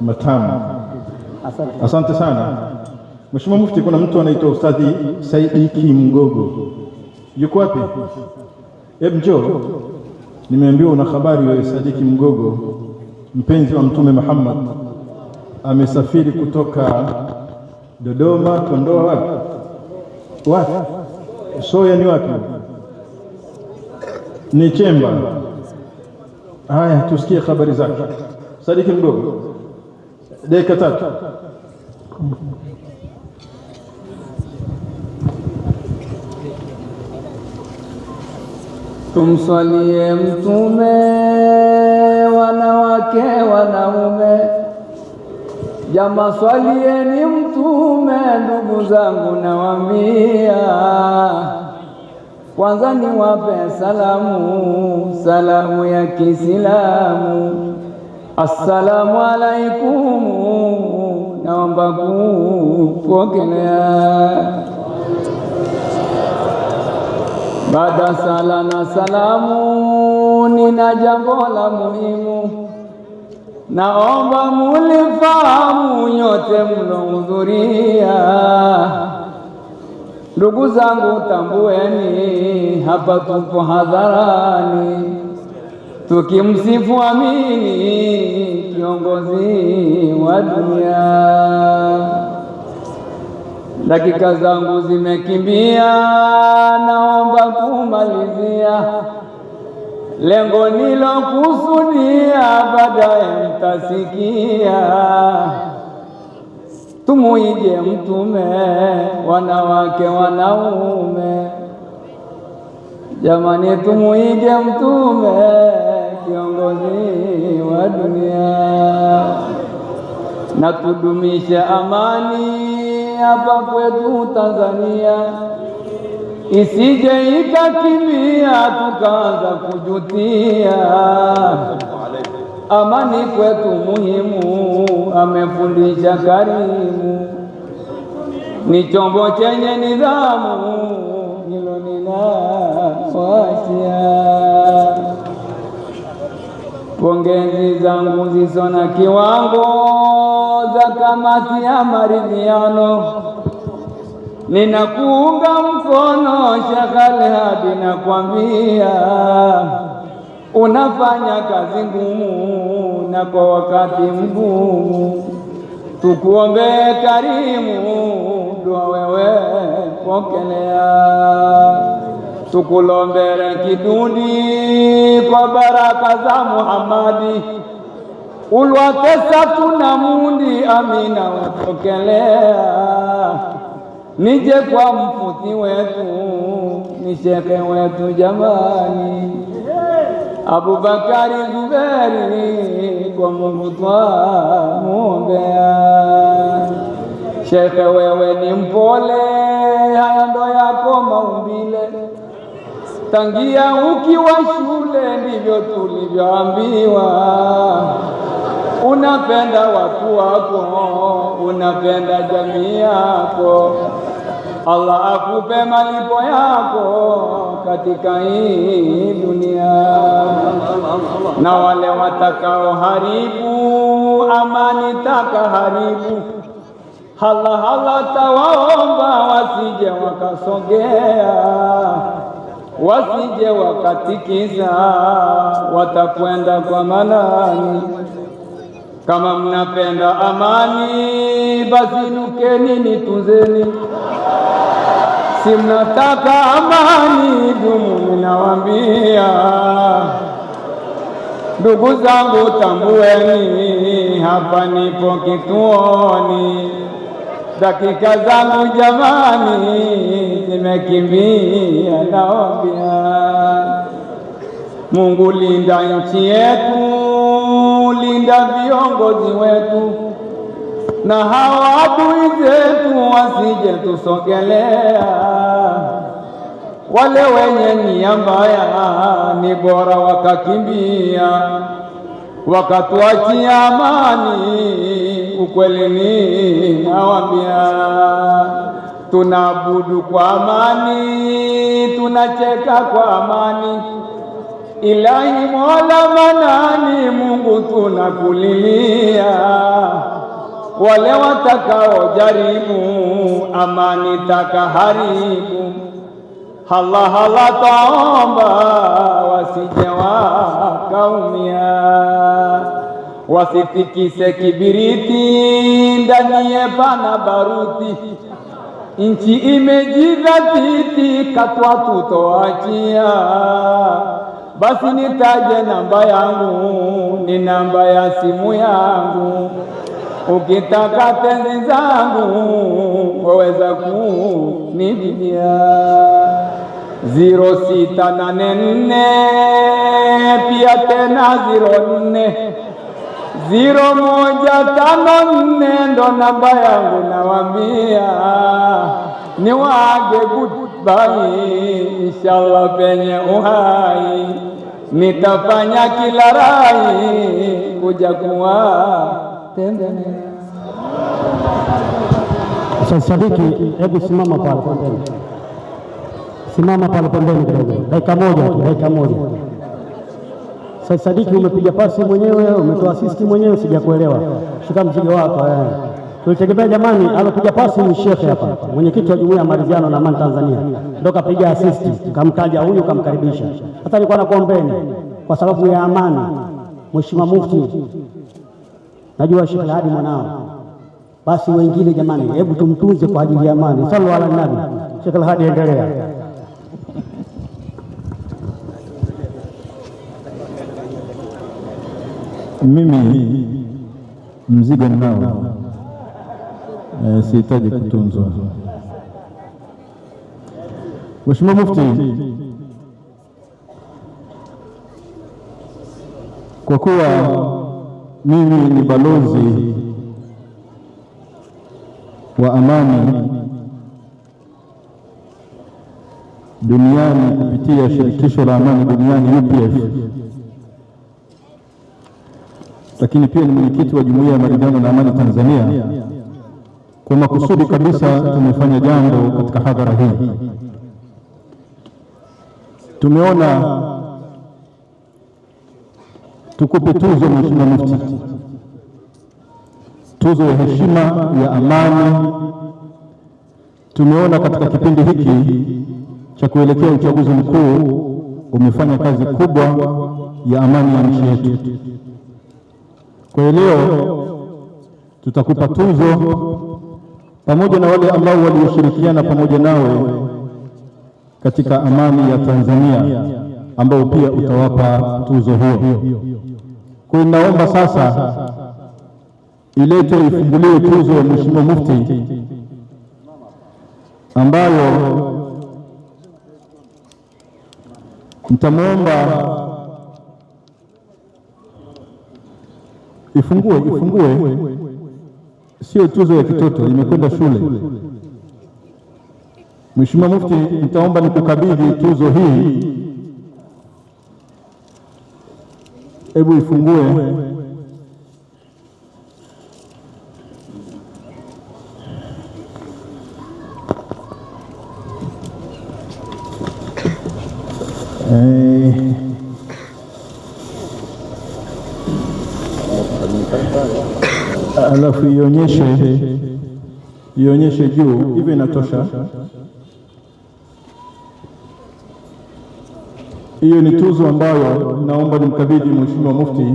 matamu. Asante sana Mheshimiwa Mufti. Kuna mtu anaitwa Ustadhi Saidi Mgogo, yuko wapi? Hebu njoo, nimeambiwa una habari wewe. Sadiki Mgogo, mpenzi wa Mtume Muhammad, amesafiri kutoka Dodoma, Kondoa, wapi wapi, Soya ni wapi? Ni Chemba. Haya, tusikie habari zake Sadiki Mgogo dakika tatu. Tumswalie Mtume, wanawake, wanaume, jama swalieni Mtume. Ndugu zangu, nawambia kwanza niwape salamu, salamu ya Kiislamu Assalamu alaikum, naomba kupokelea. Baada sala na salamu, nina jambo la muhimu, naomba mulifahamu nyote mlohudhuria. Ndugu zangu, tambueni, hapa tupo hadharani tukimsifu amini, kiongozi wa dunia. Dakika zangu zimekimbia, naomba kumalizia lengo nilokusudia, baadaye mtasikia. Tumuige Mtume, wanawake wanaume, jamani, tumuige Mtume. na tudumisha amani hapa kwetu Tanzania, isije ikakimia tukaanza kujutia. Amani kwetu muhimu, amefundisha Karimu, ni chombo chenye nidhamu, hilo nina wasia Pongezi zangu zisona na kiwango kuja kamati ya maridhiano. Ninakuunga mkono Shekh Alhadi, nakwambia unafanya kazi ngumu na kwa wakati mgumu. Tukuombee karimu, dua wewe pokelea tukulombere kidundi kwa baraka za Muhammadi. Ulwatesa kuna mundi amina watokelea, nije kwa mfuti wetu ni shekhe wetu jamani, Abubakari Zuberi kwa Mungu twamuombea. Shekhe wewe ni mpole, haya ndo yako maumbile, tangia ukiwa shule ndivyo tulivyoambiwa unapenda watu wako, unapenda jamii yako. Allah akupe malipo yako katika hii dunia, na wale watakao haribu amani taka haribu hala hala, tawaomba wasije wakasogea wasije wakatikiza, watakwenda kwa manani kama mnapenda amani, basi nukeni nitunzeni. Si mnataka amani dumu, ninawaambia ndugu zangu, tambueni hapa nipo kituoni. Dakika zangu jamani, nimekimbia. Nawambia Mungu, linda nchi yetu kuwalinda viongozi wetu na hawa adui zetu wasije tusogelea. Wale wenye nia mbaya ni bora wakakimbia, wakatuachia amani. Ukweli ni nawambia, tunaabudu kwa amani, tunacheka kwa amani Ilahi Mola Manani, Mungu tunakulilia, wale watakaojaribu amani takaharibu, hala hala taomba, wasije wakaumia, wasitikise kibiriti, ndaniye pana baruti, nchi imejidhatiti, katwa tutoachia basi nitaje namba yangu, ni namba ya simu yangu. Ukitaka tenzi zangu waweza kunipigia ziro sita nane nne, pia tena ziro nne ziro moja tano nne, ndo namba yangu nawambia, niwage kutu bai, inshallah penye uhai nitafanya kila rai kuja Sasa Sadiki, hebu simama pale pembeni, simama pale pembeni kidogo, dakika moja, dakika moja. Sasa Sadiki, umepiga pasi mwenyewe, umetoa assist mwenyewe, sijakuelewa. Shika mzigo wako eh tulitegemea jamani, alopiga pasi ni shekhe hapa, mwenyekiti wa jumuiya ya maridhiano na amani Tanzania, ndo kapiga asisti, kamtaja huyu, kamkaribisha. Hata nilikuwa nakuombeni kwa sababu ya amani, Mheshimiwa Mufti, najua shekhe Hadi mwanao, basi wengine jamani, hebu tumtunze kwa ajili ya amani. Sallu ala nabi. Shekhe Hadi, endelea. Mimi mzigo mnao Eh, sihitaji kutunzwa. Mheshimiwa Mufti, kwa kuwa mimi ni balozi wa amani duniani kupitia shirikisho la amani duniani UPF, lakini pia ni mwenyekiti wa jumuiya ya maridhiano na amani Tanzania kwa makusudi kabisa tumefanya jambo katika hadhara hii. Tumeona tukupe tuzo Mheshimiwa Mufti, tuzo ya heshima ya amani. Tumeona katika kipindi hiki cha kuelekea uchaguzi mkuu umefanya kazi kubwa ya amani ya nchi yetu. Kwa hiyo leo tutakupa tuzo pamoja na wale ambao walioshirikiana pamoja nawe katika amani ya Tanzania ambao pia utawapa tuzo hiyo. Kwa hiyo naomba sasa iletwe ifunguliwe tuzo ya Mheshimiwa Mufti ambayo nitamwomba ifungue ifungue sio tuzo ya kitoto, imekwenda shule. Mheshimiwa Mufti, nitaomba nikukabidhi tuzo hii, hebu ifungue. Eh. Alafu ionyeshe ionyeshe juu hivyo, inatosha. Hiyo ni tuzo ambayo naomba nimkabidhi Mheshimiwa Mufti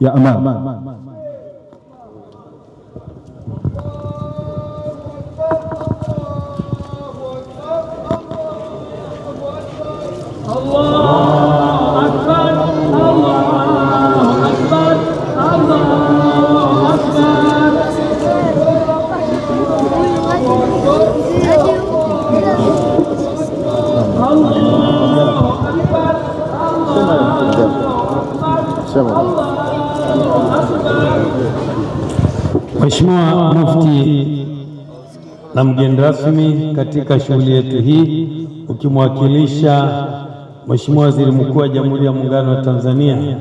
ya aman Allah na mgeni rasmi katika shughuli yetu hii ukimwakilisha Mheshimiwa Waziri Mkuu wa Jamhuri ya Muungano wa Tanzania.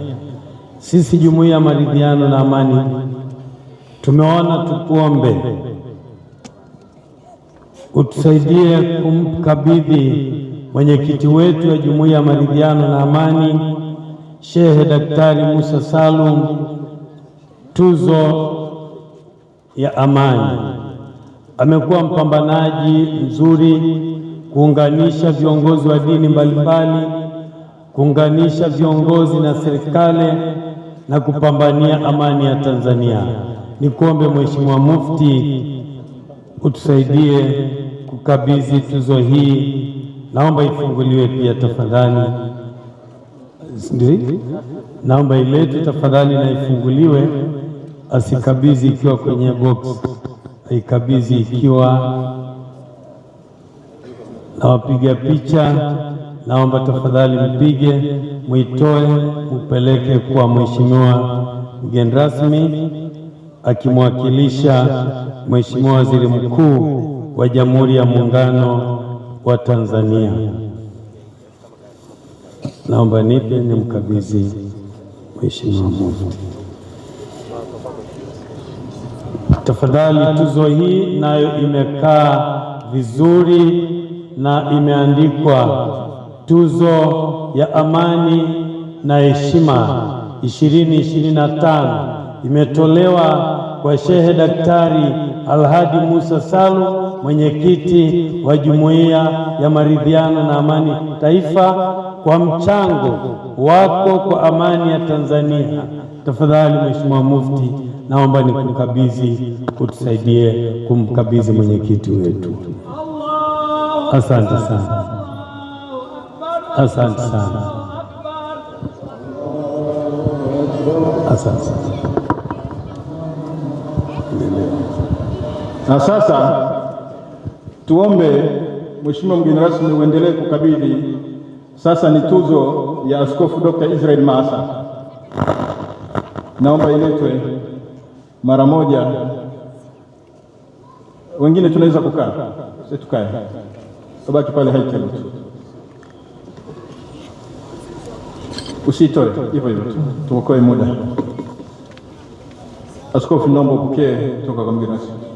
Sisi Jumuiya ya Maridhiano na Amani tumeona tukuombe utusaidie kumkabidhi mwenyekiti wetu wa Jumuiya ya Maridhiano na Amani Shehe Daktari Musa Salum tuzo ya amani. Amekuwa mpambanaji mzuri kuunganisha viongozi wa dini mbalimbali, kuunganisha viongozi na serikali na kupambania amani ya Tanzania. Nikuombe Mheshimiwa Mufti utusaidie kukabidhi tuzo hii, naomba ifunguliwe pia tafadhali, naomba iletwe tafadhali na ifunguliwe, asikabidhi ikiwa kwenye box ikabizi ikiwa na wapiga picha, naomba tafadhali mpige, mwitoe, mpeleke kwa mheshimiwa mgeni rasmi akimwakilisha Mheshimiwa Waziri Mkuu wa Jamhuri ya Muungano wa Tanzania. Naomba nipe nimkabidhi Mheshimiwa Mufti. Tafadhali, tuzo hii nayo imekaa vizuri na imeandikwa tuzo ya amani na heshima 2025 imetolewa kwa Shehe Daktari Alhadi Musa Salu, mwenyekiti wa Jumuiya ya Maridhiano na Amani Taifa, kwa mchango wako kwa amani ya Tanzania. Tafadhali Mheshimiwa Mufti naomba ni kukabidhi kutusaidie kumkabidhi mwenyekiti wetu. Asante sana, asante sana, asante sana. Na sasa tuombe Mheshimiwa mgeni rasmi uendelee kukabidhi. Sasa ni tuzo ya Askofu Dr. Israel Masa, naomba iletwe mara moja. Wengine tunaweza kukaa, tukae, ubaki pale haikelu usitoe hivyo hivyo tu, tuokoe muda. Askofu, naomba upokee kutoka kwa mgeni rasmi.